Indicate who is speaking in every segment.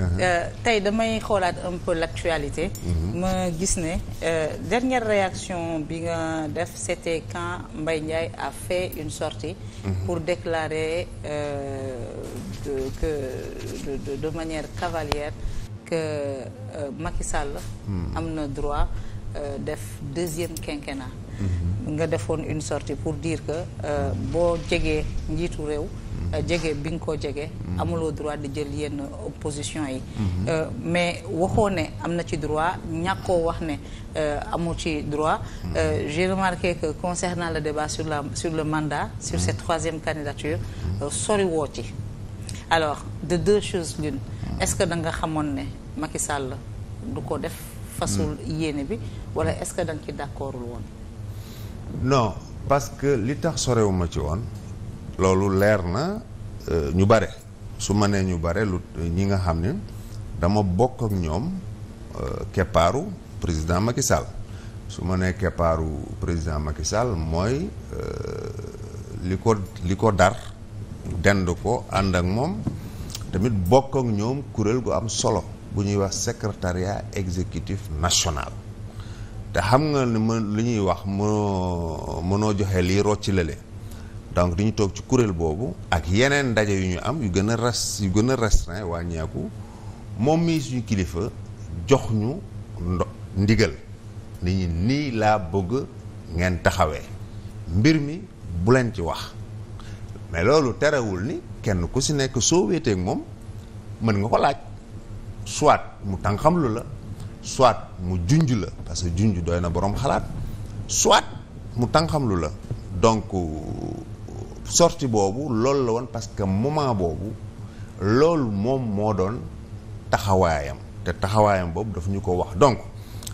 Speaker 1: Euh, tey damay xoolaat un peu l'actualité mhm. ma gis ne euh, dernière réaction bi nga def c'était quand mbay Ndiaye a fait une sortie mhm. pour déclarer euh, de, manière cavalière que euh, mhm. am na droit euh, def deuxième quinquennat Mm-hmm. nga defoon une sortie pour diir que euh, boo jegee njiitu réew mm-hmm. euh, jege bi nga ko jege mm-hmm. amuloo droit di jël yenn opposition yi euh, mais waxoo ne am na ci droit ñàkkoo wax ne amu ci droit j'ai remarqué que concernant le débat sur la sur le mandat sur cette troisième candidature sori woo ci alors de deux choses l'une est-ce que da nga xamoon ne Macky Sall du ko def fasul yéene bi wala est-ce que da nga ci d'accordul woon
Speaker 2: non parce que li tax sorewuma ci woon loolu leer na euh, ñu bare su ma nee ñu bare lu ñi nga xam ne dama bokk ak ñoom euh, keppaaru président Macky Sall su ma nee keppaaru président Macky Sall mooy euh, li ko li ko dar dend ko ànd ak moom tamit bokk ak ñoom kuréel gu am solo bu ñuy wax secrétariat exécutif national te xam nga ne mën li ñuy wax mënoo mënoo joxe lii rocc lële donc di ñu toog ci kuréel boobu ak yeneen ndaje yu ñu am yu gën a res yu gën a restreint wàññeeku moom mii suñu kilifa jox ñu ndo ndigal nit ñi nii laa bëgg ngeen taxawee mbir mi bu leen ci wax mais loolu terewul ni kenn ku si nekk soo wéeteeg moom mën nga ko laaj soit mu tànqamlu la soit mu junj la parce que junj dooy na boroom xalaat soit mu tànqamlu la donc euh, sorti boobu loolu la woon parce que moment boobu loolu moom moo doon taxawaayam te taxawaayam boobu daf ñu ko wax donc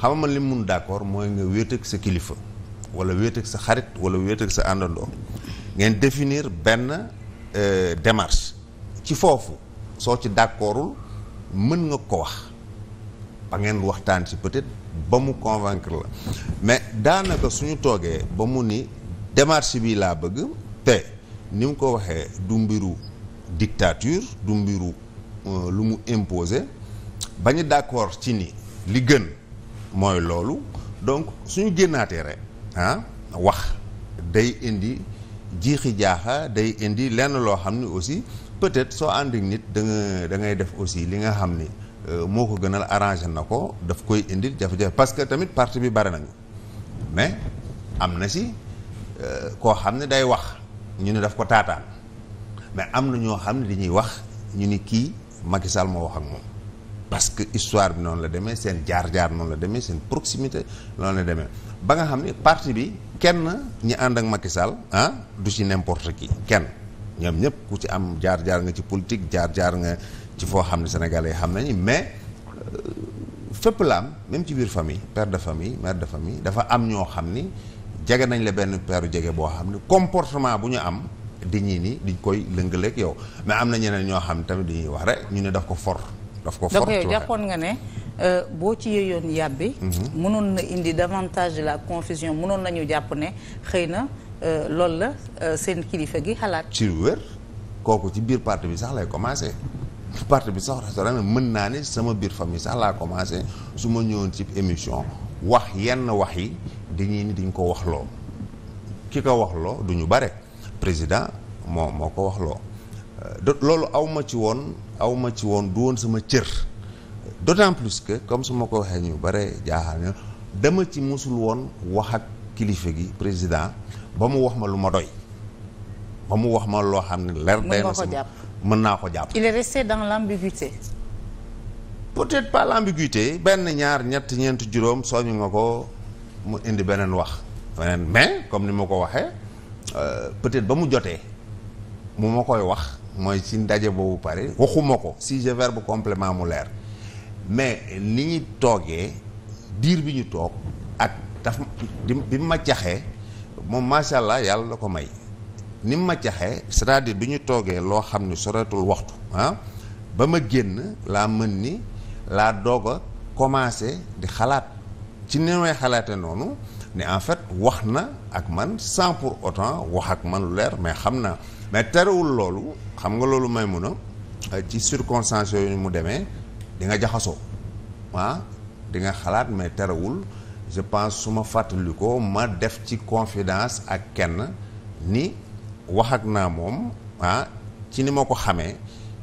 Speaker 2: xam man li mun d'accord mooy nga wéeteeg sa kilifa wala wéeteeg sa xarit wala wéeteeg sa àndandoo ngeen définir benn euh, démarche ci foofu soo ci d'accordul mën nga ko wax ba ngeen waxtaan ci peut-être ba mu convaincre la mais daanaka suñu toogee ba mu ni démarche bi laa bëgg te ni mu ko waxee du mbiru dictature du mbiru euh, lu mu imposer ba ñu d'accord ci ni li gën mooy loolu donc suñu génnaatee rek ah wax day indi jiixi jaaxa day indi lenn loo xam ni aussi peut-être soo ànd nit da nga da ngay def aussi li nga xam ni Euh, moo ko gënal arrangé na ko daf koy indil jafe-jafe parce que tamit parti bi bari nañu mais am na si euh, koo xam ne day wax ñu ne daf ko taataan mais am na ñoo xam ne ñuy wax ñu ni kii Macky moo wax ak moom parce que histoire bi noonu la demee seen jaar-jaar noonu la demee seen proximité noonu la demee ba nga xam ne parti bi kenn ñi ànd ak Macky ah du ci n'importe qui kenn ñoom ñëpp ku ci am jaar-jaar nga ci politique jaar-jaar nga ci foo xam ne sénégalais xam nañu mais euh, fépp la am même ci biir famille per de famille mère de famille dafa am ñoo xam ni jege nañ la benn peeru jege boo xam ne comportement bu ñu am di ñii ni diñ koy lëngaleeg yow mais am na ñeneen ñoo xam tamit dañuy wax rek ñu ne daf ko for daf ko for donc yow jàppoon
Speaker 1: nga ne euh, boo ci yëyoon yàbbi mhm. mënoon na indi davantage de la confusion mënoon nañu jàpp ne xëy na euh, loolu la seen kilifa gi xalaat
Speaker 2: ci wér kooku ci biir parti bi sax lay commencé parti bi sax restaurant mën naa ne sama biir famille sax laa commencé su ma ñëwoon ci émission wax yenn wax yi dañuy ni dañ ko wax loo ki ko wax loo du ñu bare président moo moo ko wax loo euh, loolu aw ma ci woon aw ma ci woon du woon sama cër d'autant plus que comme su ma ko waxee ñu bare jaaxal na dama ci mosul woon wax ak kilifa gi président ba mu wax ma lu ma doy ba mu wax ma loo xam ne leer day na si mën naa ko jàpp
Speaker 1: il est resté dans l'ambiguïté
Speaker 2: peut-être pas l'ambiguïté benn ñaar ñett ñeent juróom soñu nga ko mu indi beneen wax beneen mais comme ni ma ko waxee euh, peut-être ba mu jotee mu ma koy wax mooy ci ndaje boobu pare waxuma ko si sujet verbe complément mu leer mais ni toogee diir bi ñu toog ak daf bi mu ma jaxee moom macha allah yàlla la ko may ni ma jaxee cest à bi ñu toogee loo xam ni soreetul waxtu ah ba ma génn laa mën ni laa doog a commencé di xalaat ci ni xalaate noonu ne en fait wax na ak man sans pour autant wax ak man lu leer mais xam naa mais terewul loolu xam nga loolu may mun a euh, ci circonstances yooyu mu demee di nga jaxasoo ah dinga xalaat mais terewul je pense su ma fàttali ko ma def ci confidence ak kenn ni wax ak naa moom ah ci ni ma ko xamee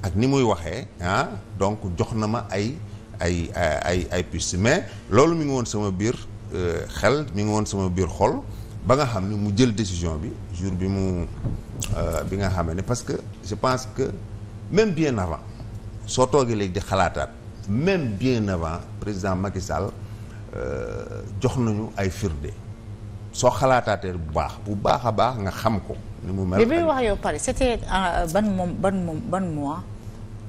Speaker 2: ak ni muy waxee ah donc jox na ma ay ay ay ay piste mais loolu mu ngi woon sama biir euh, xel mi ngi woon sama biir xol ba nga xam ni mu jël décision bi jour bi mu euh, bi nga xamee ne parce que je pense que même bien avant soo toogee léegi di xalaataat même bien avant président Macky Sall euh, jox nañu ay firnde soo xalaataatee bu baax bu baax a baax nga xam ko ni mu mel. bi
Speaker 1: wax yow Paris c'était ah, ban moom ban moom ban mois.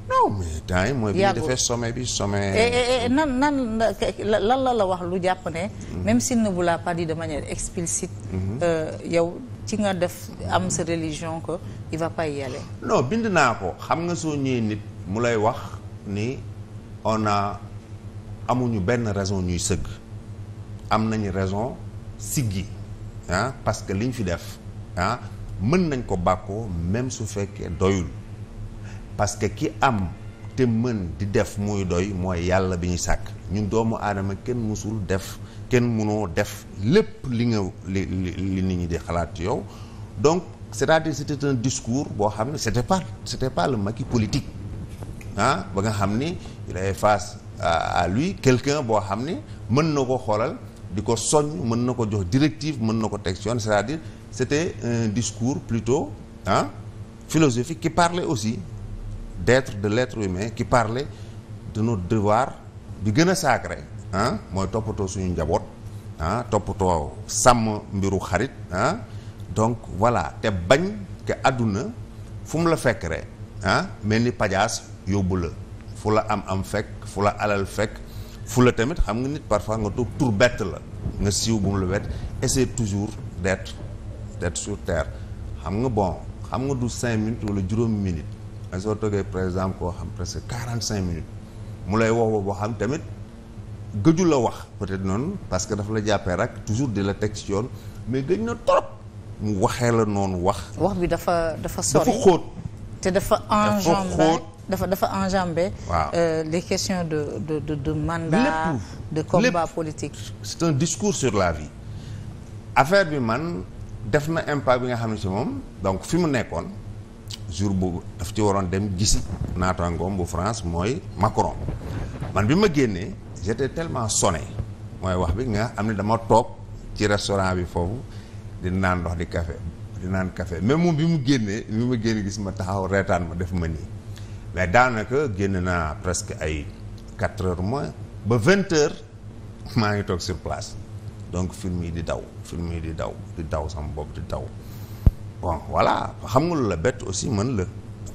Speaker 1: non mais
Speaker 2: temps mooy. bi ñu defee sommet bi sommet.
Speaker 1: nan nan lan la la wax lu jàpp ne. Mm-hmm. même s'il ne vous l'a pas dit de manière explicite. Mm-hmm. Euh, yow ci nga def am sa religion que il va pas y aller.
Speaker 2: bind naa ko xam nga soo ñëwee nit mu lay wax ni on amuñu benn raison ñuy sëgg am nañu raison siggi ah parce que liñ fi def ah, mën nañ ko bàkkoo même su fekkee doyul parce que ki am te mën di def muy doy mooy yàlla bi ñu sàkk ñu doomu aadama kenn mësul def kenn mënoo def lépp li nga li li nit ñi di xalaat yow donc c'est-à-dire c'était un discours boo xam ne c'était pas c'était pas le Macky politique ah ba nga xam ni il est à lui quelqu'un boo xam ni mën na ko xoolal di ko soññ mën na ko jox directive mën na ko teg yoon c'est-à-dire c'était un discours plutôt ah philosophique qui parlait aussi d'être de l'être mais qui parle de nos devoirs bi gën a sacré ah mooy toppatoo suñu njaboot ah toppatoo sàmm mbiru xarit ah donc voilà te bañ ke àdduna fu la fekk rek ah mel ni pajaas yóbbu la fu la am am fekk fu la alal fekk fu la tamit xam nga nit parfois nga toog tour bett la nga siiw bu mu la wet toujours d'être d'être sur terre xam nga bon xam nga du cinq minutes wala juróom minutes mais soo toogee par exemple koo xam presque quarante cinq minutes mu lay wax boo xam tamit gëju la wax peut-être noonu parce que dafa la jàppee rek toujours di la teg ci yoon mais gëj na trop mu waxee la noonu wax. wax bi dafa
Speaker 1: dafa sori te dafa enjambé dafa dafa enjambé. waaw euh, les questions de de de de mandat. de combat politique.
Speaker 2: c'est un discours sur la vie affaire bi man. def na impact bi nga xam ne si moom donc fi mu nekkoon jour boobu daf ci waroon dem gisi naataangoom bu France mooy Macron man bi ma génnee j'étais tellement sonné mooy wax bi nga xam ne dama toog ci restaurant bi foofu di naan ndox di kafe di naan kafe mais moom bi mu génnee bi ma génn gis ma taxaw reetaan ma def ma nii mais daanaka génn naa presque ay quatre heures mois ba vingt heures maa ngi toog sur place donc film yi di daw film yi di daw di daw sama bopp di daw bon voilà xam nga lu la bett aussi man la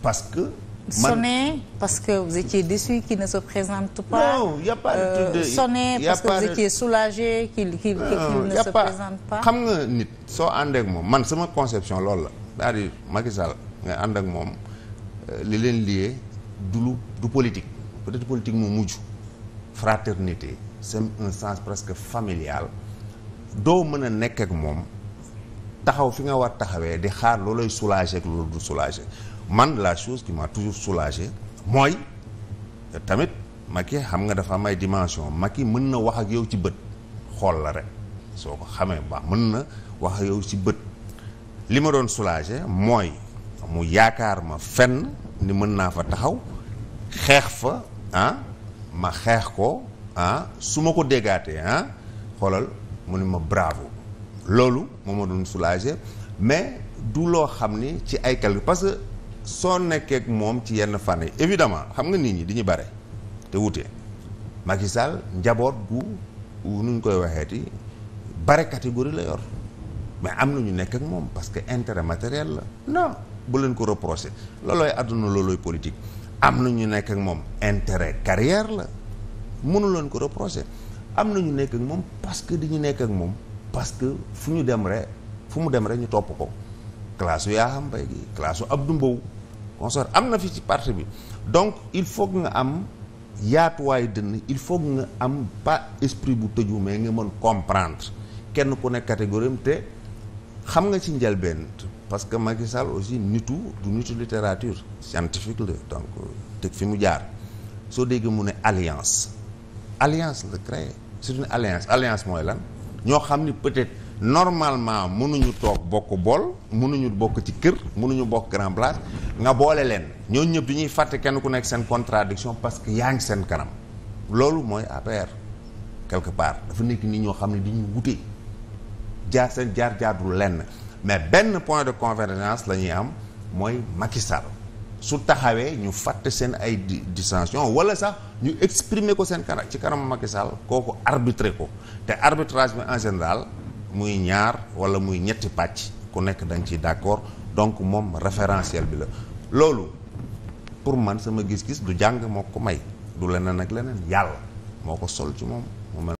Speaker 2: parce que. sonné
Speaker 1: parce que vous étiez déçu qu'il ne euh, parce que vous étiez soulagé qu'il qu'il ne se présente pas. xam
Speaker 2: nga nit soo ànd moom man sama conception loolu la c'est-à-dire ànd ak moom euh, li leen liyee du lu du politique peut-être politique mujj fraternité c'est un sens presque familial. doo mën a nekk ak moom taxaw fi nga war taxawee di xaar loolay soulager ak loolu du soulager man la chose qui m'a toujours soulagé mooy tamit Macky xam nga dafa may dimension dimension Macky mën na wax ak yow ci bët xool la rek soo ko xamee baax mën na wax ak yow ci bët li ma doon soulagé mooy mu yaakaar ma fenn ni mën naa fa taxaw xeex fa ah, ma xeex ko ah su ma ko déggaatee ah xoolal mu ne ma bravo loolu moo ma doon soulager mais du loo xam ni ci ay calcul parce que soo nekkee ak moom ci yenn fànn yi évidemment xam nga nit ñi di ñu bare te wute Macky Sall njaboot bu nu ñu koy ti bare catégorie la yor mais am na ñu nekk ak moom parce que intérêt matériel la non bu leen ko reproché loolooy àdduna loolooy politique am na ñu nekk ak moom intérêt carrière la mënu leen ko reproché am na ñu nekk ak moom parce que dañu nekk ak moom parce que fu ñu dem rek fu mu dem rek ñu topp ko classe yaa xam mbay gi classe Abdou Mbow consort am na fi ci parti bi donc il faut nga am yaatuwaay dënn il faut nga am pa esprit bu tëju mais nga mën comprendre kenn ku nekk catégorie am te xam nga ci njëlbeen parce que Macky Sall aussi nitu du nitu littérature scientifique la donc euh, teg fi mu jaar soo déggee mu ne alliance alliance la créé c'est une alliance alliance mooy lan ñoo xam ni peut-être normalement mënuñu toog bokk bool mënuñu bokk ci kër munuñu bokk grand place nga boole leen ñoo ñëpp dañuy fàtte kenn ku nekk seen contradiction parce que yaa ngi seen kanam loolu mooy APR quelque part dafa nekk nit ñoo xam ne dañuy wute jaar seen jaar jaarul lenn mais benn point de convergence la ñuy am mooy Macky su taxawee ñu fàtte seen ay dissension wala sax ñu exprimer ko seen kanam ci kanam Macky Sall kooku arbitré ko te arbitrage bi en muy ñaar wala muy ñetti pàcc ku nekk da nga ciy d'accord donc moom référentiel bi la loolu pour man sama gis-gis du jàng moo ko may du leneen ak leneen yàlla moo ko sol ci moom